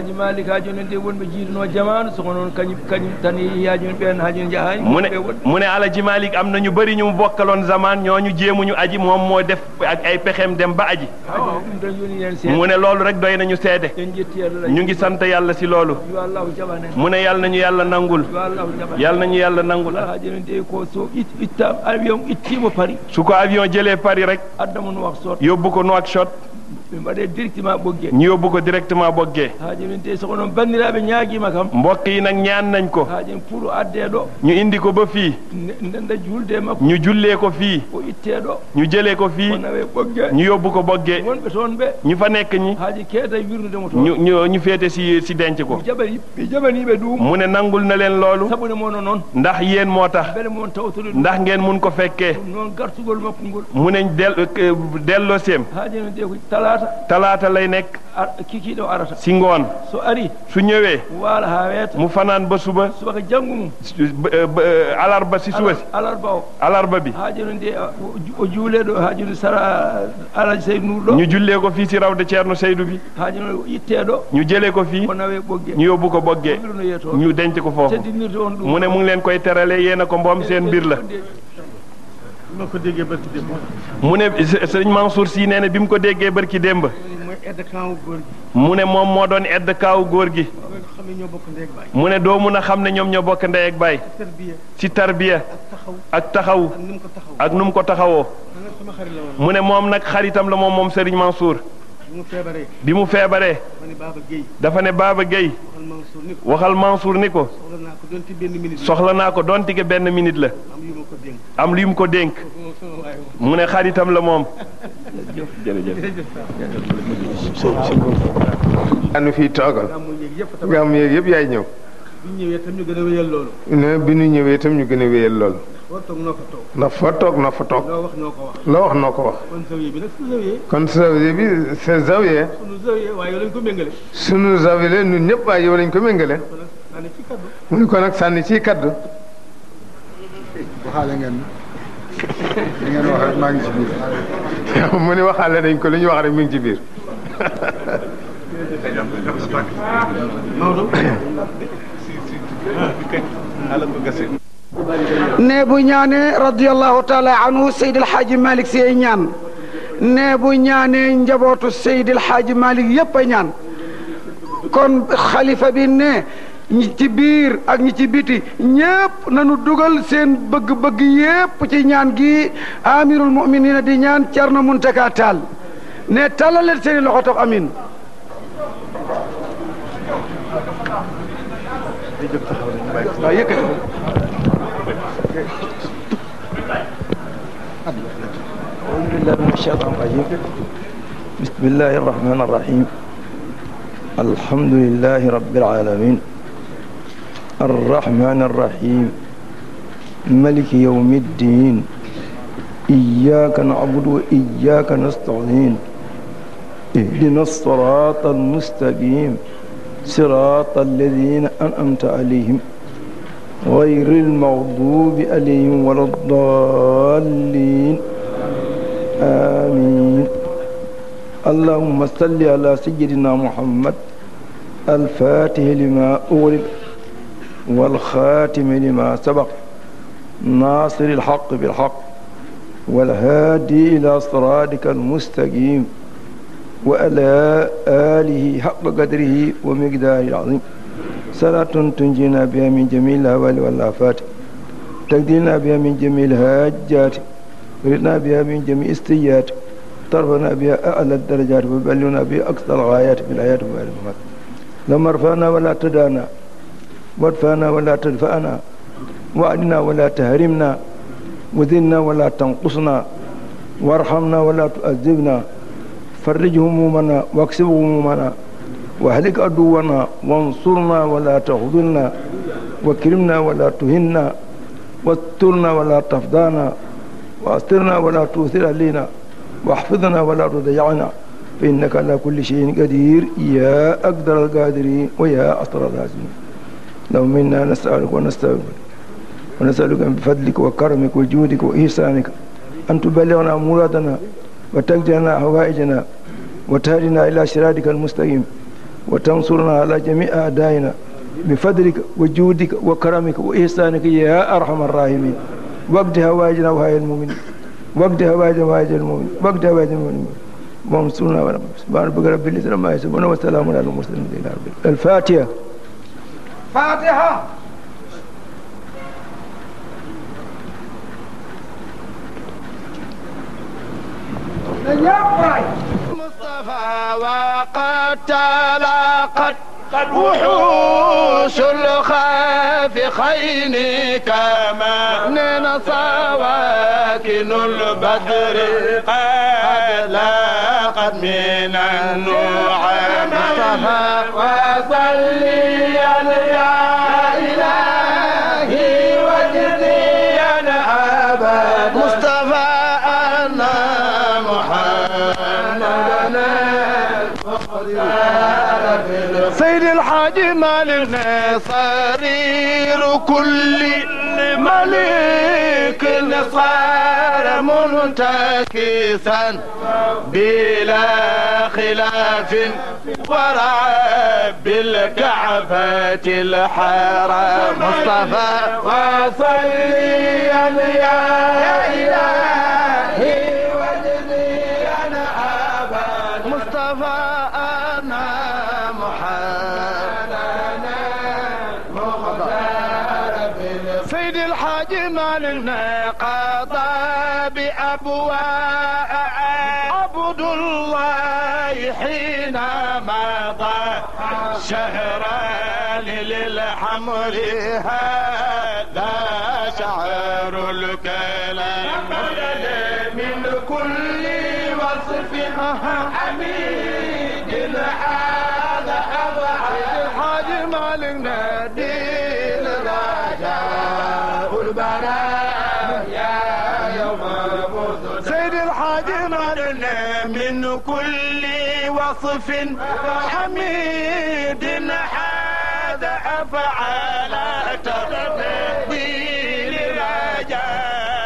kañum maali kaji onon de wonɓe jiiduno jamanu soko noon kañum kañum tan yiyaji on ɓen hañum jahani mune mune alaji malik am nañu bëri ñu bokkaloon zaman ñooñu jéemuñu aji moom moo def ak ay pexeem dem ba aji ɗum mu ne loolu rek doy nañu seede ñu ngi sant yàlla si loolu yo mu ne yàlla nañu yàlla nangul yo yàlla nañu yàlla nangul haji onon de ko so itta avion ittimo Paris su ko avion jëlee Paris rek addamo Nouakchott yóbbu ko Nouakchott min mbaɗe directement ɓogge ñi yóbbu ko directement ɓogge haaji min te soko noon banndiraaɓe ñaagiima yi nag ñaan nañ ko haaji pour o addee ñu indi ko ba fii ndenda julde makko ñu jullee ko fii o ñu jëlee ko fii ñu yóbbu ko ɓogge wonɓe toon ñu fa nekk ñi haaji keeta wirnude mo toon ñu ñu feete si si denc ko jaɓani ɓe jaɓaniiɓe ɗum mu ne nangul na leen loolu sabune moo no noon ndax yéen moo tax mbele moon tawtude ndax ngeen mun ko fekkee noon gartugol makko ngol mu ne del delloo seem haaji talaata lay nekk kikiiɗo arata si ngoon so ari su ñëwee waala mu fanaan ba suba subaka janngu mum eh, eh, alarba si suba si alarba o bi haa joni nde ah, o juulee ñu jullee ko fii si raw ceerno seydou bi haa bi ittee ñu jëlee ko fii o nawee ñu yóbbu ko ɓoggee ñu denc ko foofu mu ne mu ngi leen koy terale yéena ko mbom seen mbir la ma ko déggee barki démb. mu ne sëriñ Mansour si nee na bi mu ko déggee barki démb. mu ne moom moo doon edd kaawu góor gi. mu ne doo mun a xam ne ñoom ñoo bokk ndey ak baay. ci tarbiya ak taxaw ak nu mu ko taxawoo. mu ne moom nag xaritam la moom moom sëriñ Mansour. bi mu feebaree. dafa ne Baba Guèye. waxal Mansour ni ko. soxla naa ko doon donte benn minute la. am li mu ko dénk mu ne xaritam la moom anu fii toogal gàmm yeeg yëpp yaay ñëw bi ñu tam ñu gën a wéyal ne bi ñu ñëwee tam ñu gën a wéyal loolu na fa toog na fa toog loo wax noo ko wax loo wax noo ko wax kon zawiye bi c'est zawiye sunu zawiye ñun ñëpp waaye yow lañ ko méngale mu ne ko nag sànni ciy kaddu waxaale ngeen li ngeen mi ci biir. nee bu ñaanee radiyallahu taala anhu Seydi El Hadji Malick ay ñaan nee bu ñaanee njabootu Seydi El Hadji Malick ñaan kon xalifa bi ñi ci biir ak ñi ci biti ñépp nañu dugal seen bëgg-bëgg yépp ci ñaan gi amirul muminina di ñaan Cerno Muntaka Taal ne talaleen seen i amin waaw yëkkati aousubillah min asheytan irajim الرحمن الرحيم ملك يوم الدين إياك نعبد وإياك نستعين اهدنا الصراط المستقيم صراط الذين أنعمت عليهم غير المغضوب عليهم ولا الضالين آمين اللهم صل على سيدنا محمد الفاتح لما أغلق والخاتم لما سبق ناصر الحق بالحق والهادي إلى صراطك المستقيم وعلى آله حق قدره ومقداره العظيم صلاة تنجينا بها من جميع الأهوال والآفات تقديرنا بها من جميع الهاجات وردنا بها من جميع السيئات ترفعنا بها أعلى الدرجات وبلغنا بها أقصى الغايات في الحياة والممات لما رفعنا ولا تدانا وارفعنا ولا ترفعنا وأعنا ولا تهرمنا وذلنا ولا تنقصنا وارحمنا ولا تؤذبنا فرج همومنا واكسب همومنا واهلك عدونا وانصرنا ولا تخذلنا وكرمنا ولا تهنا واسترنا ولا تفضانا واسترنا ولا توثر علينا واحفظنا ولا تضيعنا فإنك على كل شيء قدير يا أقدر القادرين ويا أسرى العازمين اللهم إنا نسألك ونستغفرك ونسألك من فضلك وكرمك وجودك وإحسانك أن تبلغنا مرادنا وتجدنا حوائجنا وتهدنا إلى صراطك المستقيم وتنصرنا على جميع أعدائنا بفضلك وجودك وكرمك وإحسانك يا أرحم الراحمين وقت هواجنا وهاي المؤمنين وقت هواجنا وهاي المؤمنين وقت هواجنا المؤمنين وانصرنا على سبحان ربك رب العزة عما يصفون وسلام على المرسلين الفاتحة فاتحة مصطفى وقد تلاقت وحوش الخاف خين كما من سواكن البدر قد لاقت من النعم مصطفى وصلي سيد الحاج مالك صرير كل مليك صار منتكسا بلا خلاف ورب الكعبة الحرام مصطفى وصليا يا إلهي وجدي أنا أبا مصطفى أجمل ما قضى بأبواء عبد الله حين مضى شهران للحمر هذا شعر الكلام من كل وصف حميد هذا أبعد حجم لنا أجملنا من كل وصف حميد حاد أفعال تربي لرجال